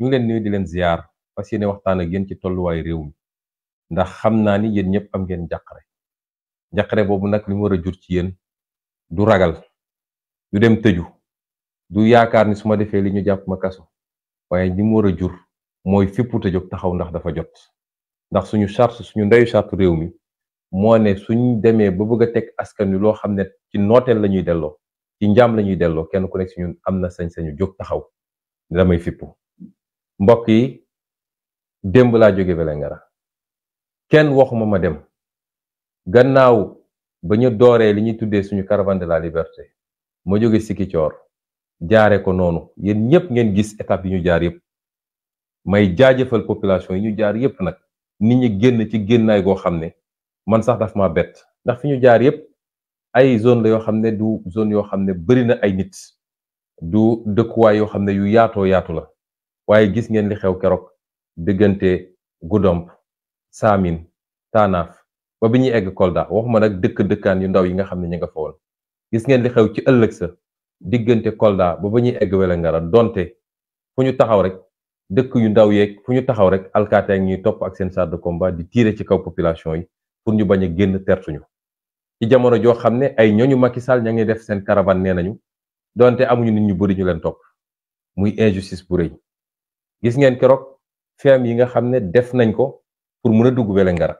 ñu ngi leen nuyu di leen ziar fas yéene waxtaan ak yéen ci tolluwaay réew mi ndax xam naa ni yéen ñëpp am ngeen njàqare njàqare boobu nag li mu war a jur ci yéen du ragal du dem tëju du yaakaar ni su ma defee li ñu jàpp ma kaso waaye li mu war a jur mooy fippu te jóg taxaw ndax dafa jot ndax suñu charte suñu ndeyu charte réew mi moo ne suñ demee ba bëgg a teg askan wi loo xam ne ci nooteel la ñuy delloo ci njaam la ñuy delloo kenn ku nekk si ñun am na sañ-sañu jóg taxaw damay fippu mbokk yi démb laa jóge Vélingara kenn waxuma ma dem gannaaw ba ñu dooree li ñuy tuddee suñu caravane de la liberté ma jóge Sikicoor jaare ko noonu yéen ñëpp ngeen gis étape yi ñu jaar yëpp may jaajëfal population yi ñu jaar yëpp nag nit ñi génn ci génnaay goo xam ne man sax daf ma bett ndax fi ñu jaar yëpp ay zone la yoo xam ne du zone yoo xam ne bari na ay nit du dëkkuwaay yoo xam ne yu yaatoo yaatu la waaye gis ngeen li xew keroog diggante Goudomp Saamin Taanaaf ba bi ñuy egg Kolda waxuma nag dëkk dëkkaan yu ndaw yi nga xam ne ñu nga fa woon gis ngeen li xew ci ëllëg sa diggante Kolda ba ba ñuy egg Wélingara donte fu ñu taxaw rek dëkk yu ndaw yeeg fu ñu taxaw rek alkaate ak ñuy topp ak seen char de combat di tirer ci kaw population yi pour ñu bañ a génn tertuñu ci jamono joo xam ne ay ñooñu Macky Sall ña ngi def seen caravane nee nañu donte amuñu nit ñu bëri leen topp muy injustice bu rëy gis ngeen keroog feem yi nga xam ne def nañ ko pour mën a dugg Wélingara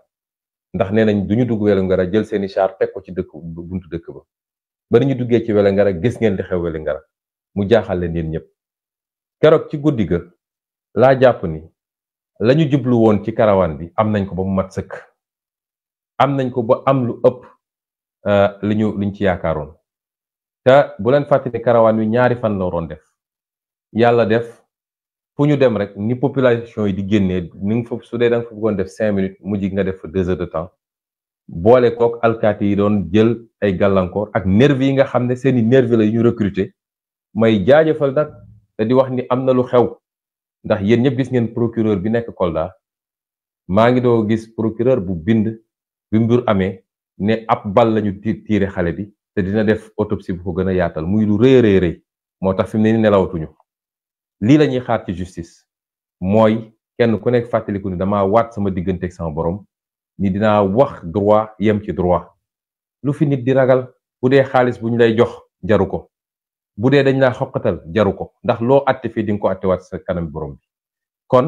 ndax nee nañ du ñu dugg Wélingara jël seeni char teg ko ci dëkk buntu dëkk ba ba ñu duggee ci Wélingara gis ngeen di xew Wélingara mu jaaxal leen yéen ñëpp keroog ci guddi ga laa jàpp ni la ñu jublu woon ci karawaan bi am nañ ko ba mu mat sëkk am nañ ko ba am lu ëpp euh, li ñu liñ ci yaakaaroon te bu leen fàttali wi ñaari fan la waroon def yàlla def fu ñu dem rek ni population yi di génnee nu nga fa su dee da nga fa bëggoon def cinq minutes mujj nga def fa deux heures de temps boole kook alkaati yi doon jël ay gàllankoor ak nervi yi nga xam ne seeni nervi la yu ñu recruter may jaajëfal nag te di wax ni am na lu xew ndax yéen ñëpp gis ngeen procureur bi nekk Kolda maa ngi doo gis procureur bu bind bi mbir amee ne ab bal lañu tiire xale bi te dina def autopsie bu ko gën a yaatal muy lu rëy rëy rëy moo tax fi mu ne nelawatuñu lii la ñuy xaar ci justice mooy kenn ku nekk fàttaliku ni damaa waat sama diggante ak sama borom ni dinaa wax droit yem ci droit lu fi nit di ragal bu dee xaalis bu lay jox jaru ko bu dee dañ laa xoqatal jaru ko ndax loo atte fii di nga ko attewaat sa kanam borom bi kon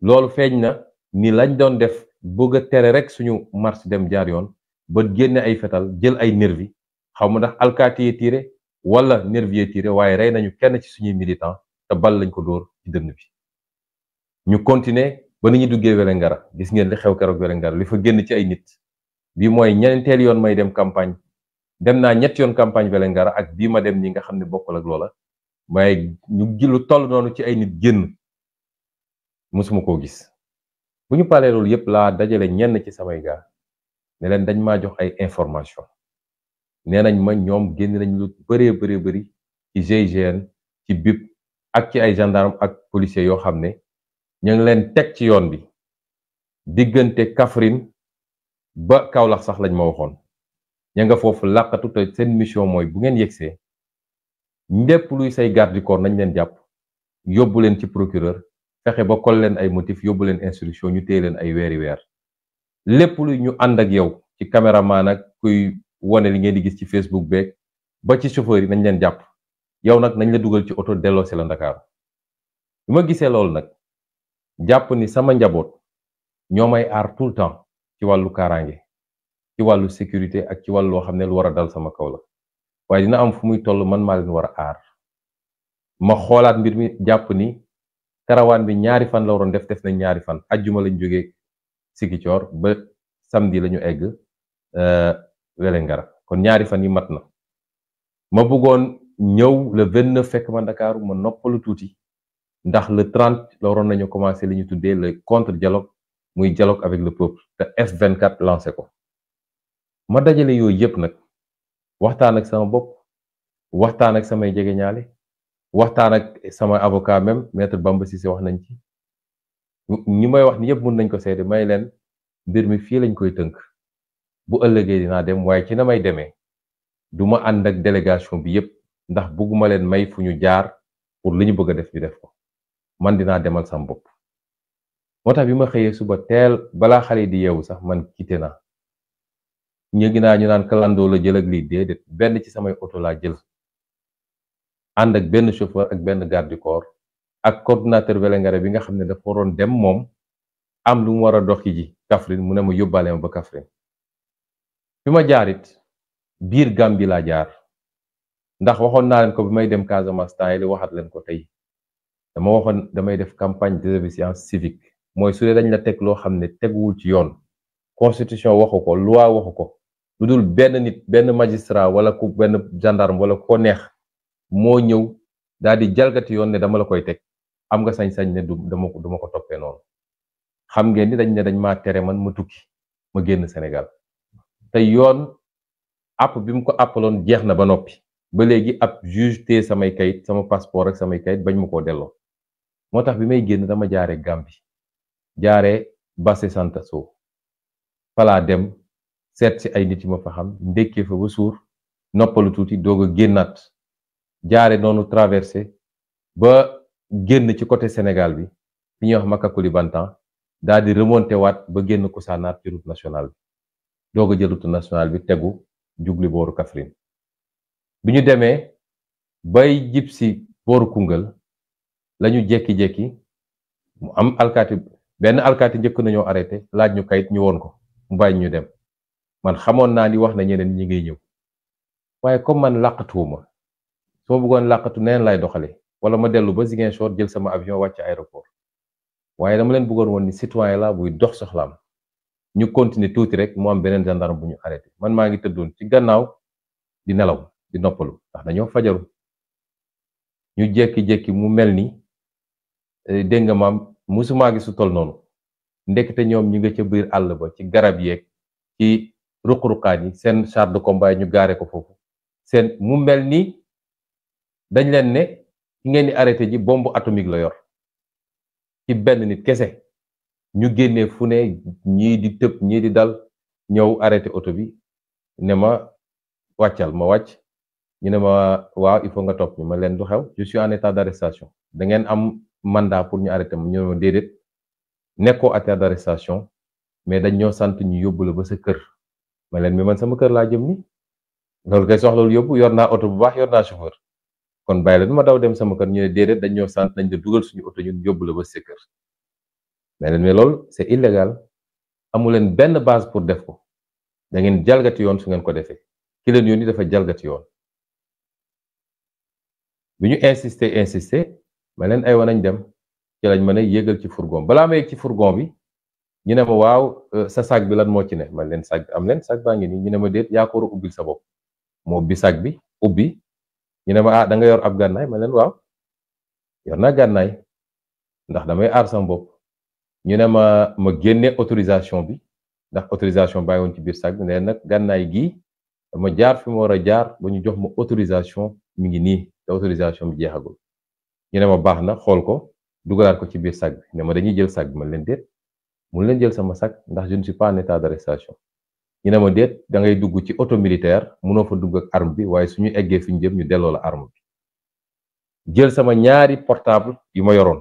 loolu feeñ na ni lañ doon def bëgg a tere rek suñu marche dem jaar yoon ba génne ay fetal jël ay nervi xaw ma ndax alkaati yee tiire wala nervi yee tiire waaye rey nañu kenn ci suñuy militant te bal lañ ko dóor ci dënn bi ñu continuer ba ni ñu duggee Vélingara gis ngeen li xew keroog Vélingara li fa génn ci ay nit bi mooy ñeenteel yoon may dem campagne dem naa ñett yoon campagne Vélingara ak bii ma dem ñi nga xam ne bokkul ak loola waaye ñu gi lu toll noonu ci ay nit génn mosuma koo gis bu ñu paree loolu yëpp laa dajale ñenn ci samay gaa ne dañ maa jox ay information nee nañ ma ñoom génn nañ lu bëree bëree bari ci GIGN ci BIP ak ci ay gendarme ak policiers yoo xam ne ñu ngi leen teg ci yoon bi diggante Kaffrine ba Kaolack sax lañ ma waxoon ña nga foofu làqatu te seen mission mooy bu ngeen yegsee ndépp luy say garde corps nañ leen jàpp yóbbu leen ci procureur fexe ba kol leen ay motif yóbbu leen instruction ñu téye leen ay weeri weer lépp luy ñu ànd ak yow ci caméraman ak kuy wane li ngeen di gis ci Facebook beeg ba ci chauffeur yi nañ leen jàpp yow nag nañ la dugal ci oto delloosi la Ndakaaru bi ma gisee loolu nag jàpp ni sama njaboot ñoo may aar tout le temps ci wàllu kaaraange ci wàllu sécurité ak ci wàllu loo xam ne lu war a dal sama kaw la waaye dina am fu muy toll man maa leen war a aar ma xoolaat mbir mi jàpp ni karawaan bi ñaari fan la waroon def def nañ ñaari fan ajjuma lañ jógee Sigicoor ba samedi la ñu egg Wélingara euh, kon ñaari fan yi mat na ma bëggoon ñëw le vingt fekk ma Ndakaaru ma noppalu tuuti ndax le trente la waroon nañu commencé li ñu tuddee le contre dialogue muy dialogue avec la peuple te F24 lancé ko ma dajale yooyu yëpp nag waxtaan ak sama bopp waxtaan ak samay jegeñaale waxtaan ak sama avocat même maître Bamba Cissé wax nañ ci ñi may wax ni yëpp mën nañ ko seede may leen mbir mi fii lañ koy tënk bu ëllëgee dinaa dem waaye ci na may demee du ma ànd ak délégation bi yëpp ndax bëgguma leen may fu ñu jaar pour li ñu bëgg a def ñu def ko man dinaa demal sam bopp moo tax bi ma xëyee suba teel balaa xale di yeewu sax man quitté naa ñëgi naa ñu naan kalandoo la jël ak lii déedéet benn ci samay oto laa jël ànd ak benn chauffeur ak benn garde du corps ak coordonnateur Vélingara bi nga xam ne dafa waroon dem moom am lu mu war a doxi ji Kaffrine mu ne ma yóbbaale ma ba Kaffrine fi ma jaarit it biir Gàmbi laa jaar ndax waxoon naa leen ko bi may dem Casamance temps yi li waxaat leen ko tey dama waxoon damay def campagne de désobéissance civique mooy su dañ la teg loo xam ne teguwul ci yoon constitution waxu ko loi waxu ko lu dul benn nit benn magistrat wala ku benn gendarme wala ko neex moo ñëw daal di jalgati yoon ne dama la koy teg am nga sañ-sañ ne du dama ko duma ko toppee noonu xam ngeen ni dañ ne dañ ma tere man ma tukki ma génn senegal te yoon app bi mu ko appaloon jeex na ba noppi. ba léegi ab juge te samay kayit sama passeport ak samay kayit bañ ma koo delloo moo tax bi may génn dama jaare Gambie jaare Basse Santa Sow falaa dem seet si ay nit yi ma fa xam ndekkee fa ba suur noppalu tuuti doog génnaat jaare noonu traversé ba génn ci côté Sénégal bi fi ñuy wax ma Makakoulibantan daal di remonté waat ba génn Kousanaar ci nationale bi doog a jël route nationale bi tegu jubli booru Kaffrine bi ñu demee bay jib si booru Koungheul lañu jekki-jekki mu am alkaati benn alkaati njëkk nañoo arrêté laaj ñu kayit ñu woon ko mu ñu dem man xamoon naa ni wax na ñeneen ñi ngay ñëw waaye comme man làqatuwuma su ma bëggoon làqatu neen lay doxale wala ma dellu ba Ziguinchor jël sama avion wàcc aéroport waaye dama leen bëggoon woon ni citoyen la buy dox soxlaam ñu continuer tuuti rek moo am beneen gendarme bu ñu arrêté man maa ngi tëddoon ci gannaaw di nelaw di noppalu ndax dañoo fajaru ñu jékki-jékki mu mel ni eh, dégg nga maam musumaa gi su tol noonu ndekete ñoom ñu nga ca biir àll ba ci garab yeeg ci ruq-ruqaan yi seen char de combat yi ñu gaare ko foofu seen mu mel ni dañ leen ne ki ngeen di arrêté ji bombe atomique la yor ci benn nit kese ñu génnee fu ne ñii di tëb ñii di dal ñëw arrêté oto bi ne ma wàccal ma wàcc ñu ne ma waaw il faut nga topp ñu ma leen du xew je suis en état d'arrestation da dangeen am mandaa pour ñu arrêté ma ñu ne ma déedéet nekkoo état d'arrestation mais dañ ñoo sant ñu yóbbu la ba sa kër ma leen mi man sama kër laa jëm ni loolu kay soxla yóbbu yor naa oto bu baax yor kon bàyyi la du ma daw dem sama kër ñu ne dañ ñoo sant nañ la dugal suñu oto ñun yóbbu ba sa kër ma leen mais loolu c'est illégal amu leen benn base pour def ko da ngeen jalgati yoon su ngeen ko defee ki leen yónni dafa jalgati yoon. bi ñu insister insister ma leen ay wanañ dem ci lañ ma ne yéegal ci fourgon balaa ma ci fourgon bi ñu ne ma waaw euh, sa sac bi lan moo ci ne ma leen sac am leen sac baa ngi nii ñu ne ma déet yaa ko ubbil sa bopp ma ubbi sac bi ubbi ñu ne ma ah da nga yor ab gànnaay ma leen waaw yor na gànnaay ndax damay aar sama bopp ñu ne ma ma génne autorisation bi ndax autorisation bàyyi woon ci biir sac bi ne nag gànnaay gii dama jaar fi ma war a jaar ba ñu jox ma autorisation mi ngi nii. te autorisation bi jeexagul ñu ne ma baax na xool ko dugalaat ko ci biir sag bi ne ma dañuy jël sag bi man leen déet mun leen jël sama sag ndax je ne suis pas en d'arrestation ñu ne ma déet da ngay dugg ci auto militaire munoo fa dugg ak arme bi waaye suñu eggee fi ñu jëm ñu delloo la arme bi jël sama ñaari portable yu ma yoroon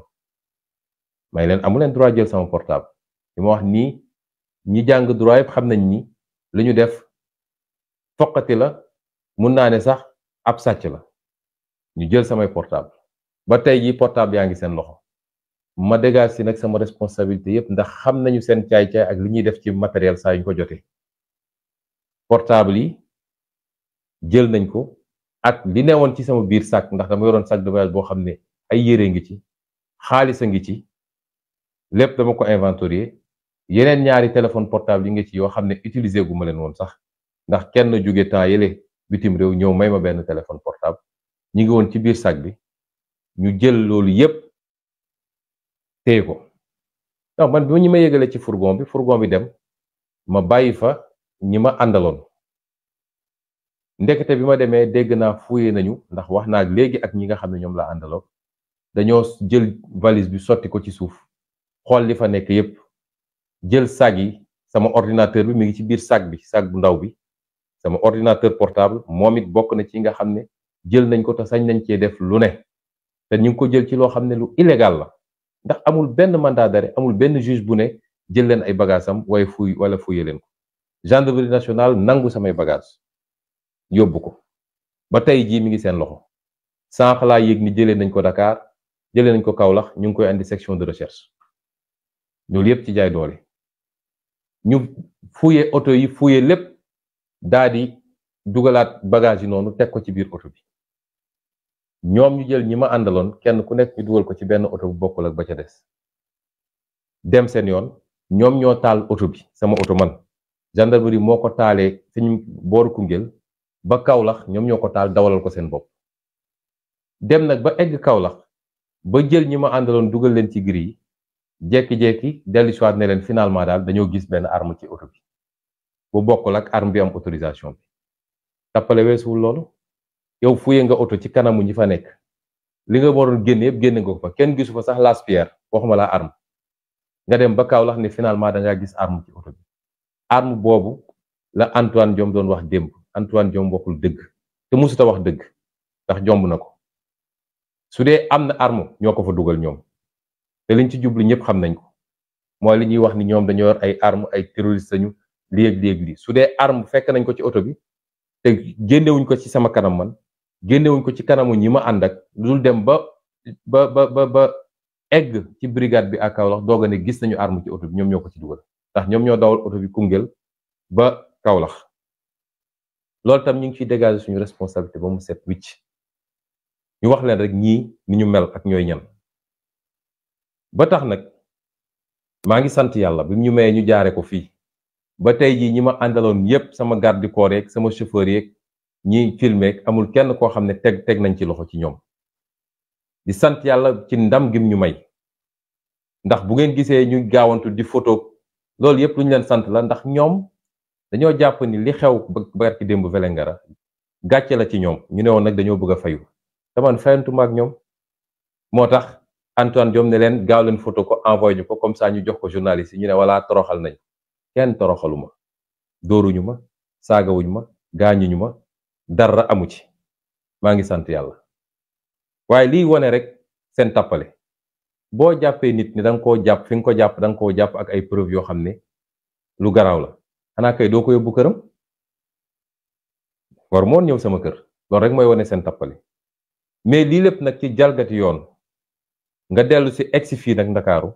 may leen amu leen droit jël sama portable yu ma wax nii ñi jàng droit yëpp xam nañ ni li ñu def foqati la mun naa ne sax ab sàcc la ñu jël samay portable ba tey jii portable yaa ngi seen loxo ma dégage si nag sama responsabilité yépp ndax xam nañu seen caay-caay ak li ñuy def ci matériel saa ñu ko jotee portable yi jël nañ ko ak li newoon ci sama biir sac ndax dama yoroon sac de voyage boo xam ne ay yére ngi ci xaalis a ngi ci lépp dama ko inventorier yeneen ñaari téléphone portable yi nga ci yoo xam ne utiliser guma leen woon sax ndax kenn jóge temps yële bitim réew ñëw may ma benn téléphone portable ñi ngi woon ci biir sac bi ñu jël loolu yépp téye ko non man bi ñu ma yëgalee ci fourgon bi fourgon bi dem ma bàyyi fa ñi ma àndaloon ndekete bi ma demee dégg naa fuye nañu ndax wax naa léegi ak ñi nga xam ne ñoom laa àndaloon dañoo jël valise bi sotti ko ci suuf xool li fa nekk yépp jël sac yi sama ordinateur bi mi ngi ci biir sag bi sac bu ndaw bi sama ordinateur portable moom it bokk na ci nga xam ne jël nañ ko te sañ nañ cee def lu ne te ñu ngi ko jël ci loo xam ne lu illégal la ndax amul benn mandat d'arrêt amul benn juge bu ne jël leen ay bagages am waaye fuy wala fuye leen ko gendarmerie national nangu samay bagages yóbbu ko ba tey jii mi ngi seen loxo sànq laa yëg ni jëlee nañ ko dakaar jëlee nañ ko kawlax ñu ngi koy andi section de recherche loolu yëpp ci jaay doole ñu fuye oto yi fuye lépp daa di dugalaat bagage yi noonu teg ko ci biir oto bi ñoom ñu jël ñi ma àndaloon kenn ku nekk ñu dugal ko ci benn oto bu bokkul ak ba ca des dem seen yoon ñoom ñoo taal auto bi sama oto man gendarmerie moo ko taalee fi ñu booru Koungheul ba Kaolack ñoom ñoo ko taal dawalal ko seen bopp dem nag ba egg kawlax ba jël ñi ma àndaloon dugal leen ci gri yi jékki-jékki dellu si waat ne leen finalement daal dañoo gis benn arme ci oto bi bu bokkul ak arme bi am autorisation bi tappale weesuwul loolu yow fuyee nga oto ci kanamu ñi fa nekk li nga waroon génne yëpp génne nga ko fa kenn gisu fa sax las pierre waxuma la arme nga dem ba lax ne finalement da ngaa gis arme ci oto bi boobu la Antoine Diome doon wax démb Antoine Diome waxul te musuta wax dëgg ndax jomb na ko su dee am na arme ñoo ko fa dugal ñoom te liñ ci jublu ñëpp xam nañ ko mooy li ñuy wax ni ñoom dañoo yor ay arme ay terroriste lañu léeg-léeg li dee arme fekk nañ ko ci oto bi te génnewuñ ko ci sama kanam man génnewuñ ko ci kanamu ñi ma ànd ak dul dem ba ba ba ba egg ci brigade bi ak kawlax doog ne gis nañu armu ci oto bi ñoom ñoo ko ci dugal ndax ñoom ñoo dawal oto bi Koungheul ba Kaolack loolu tam ñu ngi ciy dégager suñu responsabilité ba mu set wicc ñu wax leen rek ñii ni ñu mel ak ñooy ñan ba tax nag maa ngi sant yàlla bi ñu mayee ñu jaaree ko fii ba tey jii ñi ma àndaloon yépp sama garde corps sama chauffeur yeeg ñi filmeek amul kenn koo xam ne teg teg nañ ci loxo ci ñoom di sant yàlla ci ndam gim ñu may ndax bu ngeen gisee ñu gaawantu di photo loolu yëpp lu ñu leen sant la ndax ñoom dañoo jàpp ni li xew barki démb Vélingara gàcce la ci ñoom ñu ne woon nag dañoo bëgg a fayu taman fayantuma ak ñoom moo tax Antoine Diome ne leen gaaw leen photo ko envoyé ñu ko comme ça ñu jox ko journaliste yi ñu ne walaa toroxal nañ kenn toroxalu ma dóoruñu ma saagawuñu ma gaañuñu ma dara amu ci maa ngi sant yàlla waaye liy wane rek seen tappale boo jàppee nit ni da nga koo jàpp fi nga ko jàpp danga nga koo jàpp ak ay preuve yoo xam ne lu garaaw la xanaa kay doo ko yóbbu këram war moo ñëw sama kër loolu rek mooy wane seen tappale mais lii lépp nag ci jalgati yoon nga dellu si egsi fii nag ndakaaru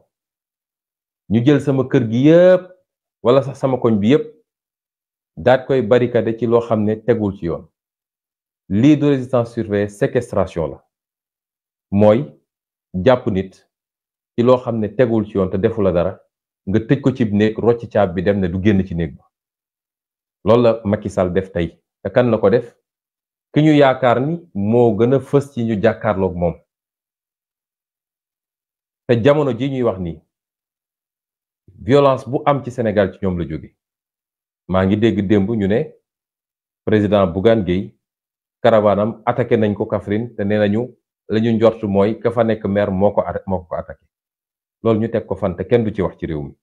ñu jël sama kër gi yépp wala sax sama koñ bi yépp daat koy barikade ci loo xam ne tegul ci yoon lii de résistance surveillée séquestration la mooy jàpp nit ci loo xam ne tegul ci yoon te defu la dara nga tëj ko ci néeg rocc caab bi dem ne du génn ci néeg ba loolu la Macky Sall def tey te kan la ko def ki ñu yaakaar ni moo gën a fës ci ñu jàkkaarlook moom te jamono ji ñuy wax ni violence bu am ci Sénégal ci ñoom la jóge maa ngi dégg démb ñu ne président Bougane Gueye karawaanam attaqué nañ ko Kaffrine te nee nañu la ñu njort mooy ka fa nekk maire moo ko moo ko attaqué loolu ñu teg ko fan te kenn du ci wax ci réew mi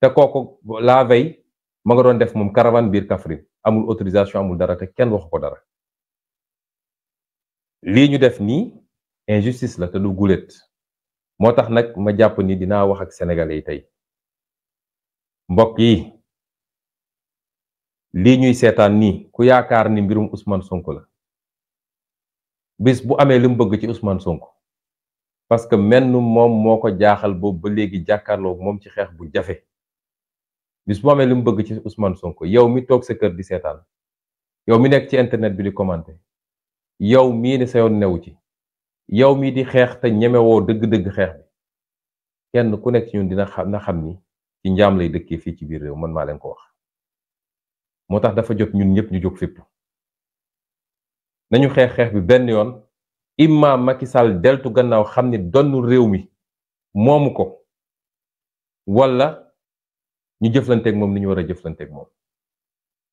te kooku la veille ma nga doon def moom caravane biir Kaffrine amul autorisation amul dara te kenn waxu ko dara lii ñu def nii injustice la te du guléet moo tax nag ma jàpp ni dinaa wax ak sénégalais yi tey mbokk yi lii ñuy seetaan nii ku yaakaar ni mbirum usman Sonko la bis bu amee li mu bëgg ci usman Sonko parce que menn moom moo ko jaaxal boobu ba léegi jàkkaarloo moom ci xeex bu jafe bis bu amee li mu bëgg ci Ousmane Sonko yow mi toog sa kër di seetaan yow mi nekk ci internet bi di commenté yow mii ne sa yoon newu ci yow mii di xeex te ñemewoo dëgg-dëgg xeex bi kenn ku nekk ci ñun dina xam na xam ni ci njaam lay dëkkee fii ci biir réew man maa leen ko wax moo tax dafa jot ñun ñëpp ñu jóg fépp nañu xeex xeex bi benn yoon imma Macky Sall deltu gannaaw xam ni donnu réew mi moomu ko wala ñu jëflanteeg moom ni ñu war a jëflanteeg moom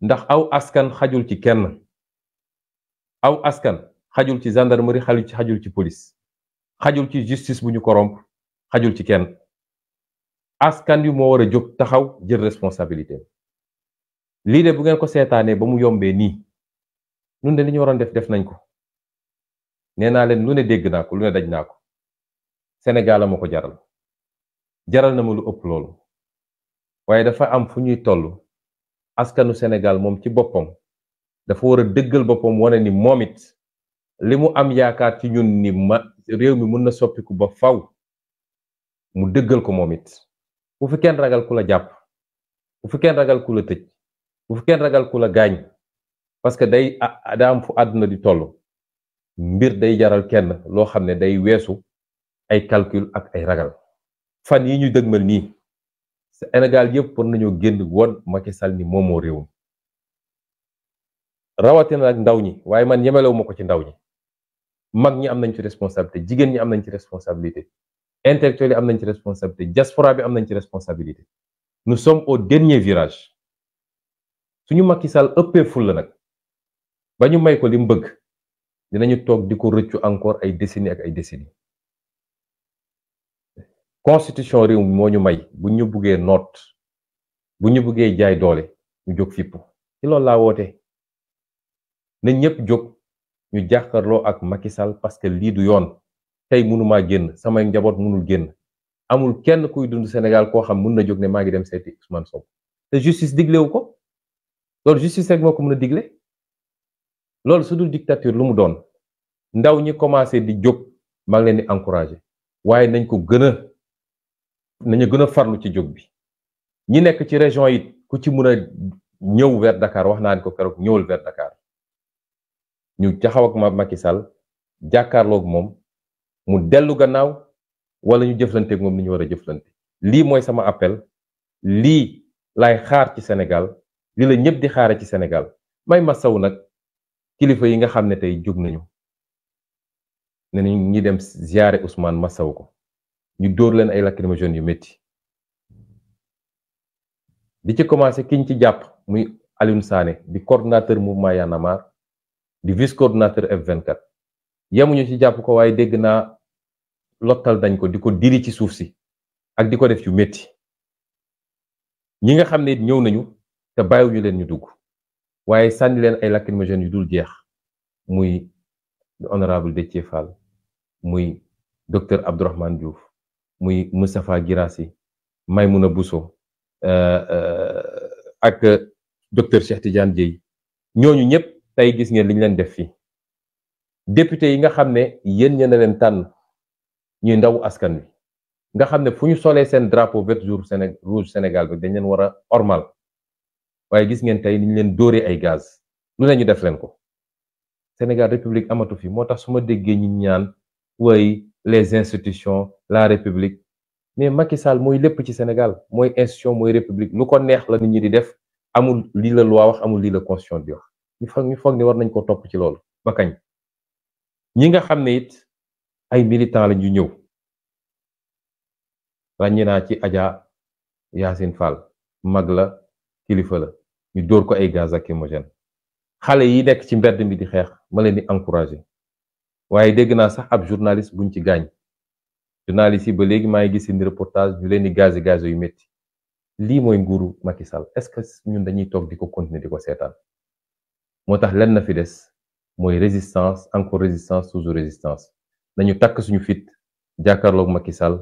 ndax aw askan xajul ci kenn aw askan xajul ci gendarmerie xajul ci xajul ci police xajul ci justice bu ñu koromp xajul ci kenn askan wi moo war a jóg taxaw jël responsabilité lii de bu ngeen ko seetaanee ba mu yombee nii ñun de li ñu waroon def def nañ ko nee naa leen lu ne dégg naa ko lu ne daj naa ko Sénégal ma ko jaral jaral na ma lu ëpp loolu waaye dafa am fu ñuy tollu askanu senegal moom ci boppam dafa war a dëggal boppam wane ni moomit li mu am yaakaar ci ñun ni ma réew mi mën na soppiku ba faw mu dëggal ko moom it bu fi kenn ragal ku la jàpp bu fi kenn ragal ku la tëj bu fi kenn ragal ku la gaañ parce que day ah, ah, daa am fu àdduna di toll mbir day jaral kenn loo xam ne day weesu ay calcul ak ay ragal fan yi ñu dëgmal nii Sénégal yëpp war nañoo génn woon Macky Sall ni moom moo réewum rawatina ak ndaw ñi waaye man yemelewu ma ko ci ndaw ñi mag ñi am nañ ci responsabilité jigéen ñi am nañ ci responsabilité intellectuel yi am nañ ci responsabilité diaspora bi am nañ ci responsabilité nous sommes au dernier virage suñu Macky Sall ëppee ful la nag ba ñu may ko li mu bëgg dinañu toog di ko rëccu encore ay décennies ak ay décennies constitution réew moo ñu may bu ñu buggee noot bu ñu buggee jaay doole ñu jóg fipp ci loolu laa woote na ñëpp jóg ñu jàkkaarloo ak Macky Sall parce que lii du yoon tey mënumaa génn samay njaboot mënul génn amul kenn kuy dund senegal koo xam mën na jóg ne maa ngi dem seeti Ousmane soow te justice diglewu ko loolu justice rek moo ko mën a digle loolu su dul dictature lu mu doon ndaw ñi commencé di jóg maa ngi leen di encourager waaye nañ ko gën a nañu gën a farlu ci jóg bi ñi nekk ci région yi ku ci mën a ñëw vers Dakar wax naa ni ko keroog ñëwul vers Dakar ñu jaxaw ak ma Macky sal jàkkaarloog moom mu dellu gannaaw wala ñu jëflanteeg moom ni ñu war a jëflante lii mooy sama appel lii lay xaar ci senegal lii la ñëpp di xaare ci senegal may ma saw nag kilifa yi nga xam ne tey jóg nañu ne ñi dem ziare Ousmane Massaw ko ñu dóor leen ay lacrymogènes yu metti di ci commencé kiñ ci jàpp muy Alioune saane di coordonnateur mouvement Y en di vice coordonnateur F24 yemuñu ci jàpp ko waaye dégg naa lottal dañ ko di ko diri ci suuf si ak di ko def yu métti ñi nga xam ne ñëw nañu te bàyyiwuñu leen ñu dugg. waaye sànni leen ay lacrymogènes yu dul jeex muy honorable Déthié Fall muy docteur Abdourahmane Diouf muy Moustapha Guirassy Maymouna Bousso euh, euh, ak docteur Cheikh Tidiane Dièye ñooñu ñëpp tey gis ngeen liñ leen def fii député yi nga xam ne yéen ña na leen tànn ñuy ndawu askan wi nga xam ne fu ñu solee seen drapeau vert jour Sénégal Sénégal bi dañ leen war a ormal waaye gis ngeen tey ni ñu leen dóoree ay gaz lu ne ñu def leen ko Sénégal république amatu fi moo tax suma déggee ñi ñaan way les institutions la république mais Macky Sall mooy lépp ci Sénégal mooy institution mooy république lu ko neex la nit ñi di def amul lii la loi wax amul lii la constitution bi wax ñu foog ni war nañ ko topp ci loolu ba kañ ñi nga xam ne it ay militants la ñu ñëw ràññi naa ci Adja Yacine Fall mag la kilifa la ñu dóor ko ay gaz ak lacrymogène xale yi nekk ci mbedd mi di xeex ma leen di encouragé waaye dégg naa sax ab journaliste buñ ci gaañ journaliste yi ba léegi maa ngi gis seen reportage ñu leen di gazé gazé yu métti lii mooy nguuru Macky Sall est-ce que ñun dañuy toog di ko continuer di ko seetaan moo tax lenn na fi des mooy résistance encore résistance toujours résistance nañu takk suñu fit jàkkaarloog Macky Sall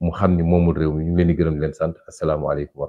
mu xam ni moomul réew mi ñu leen di gërëm leen sant asalaamaaleykum wa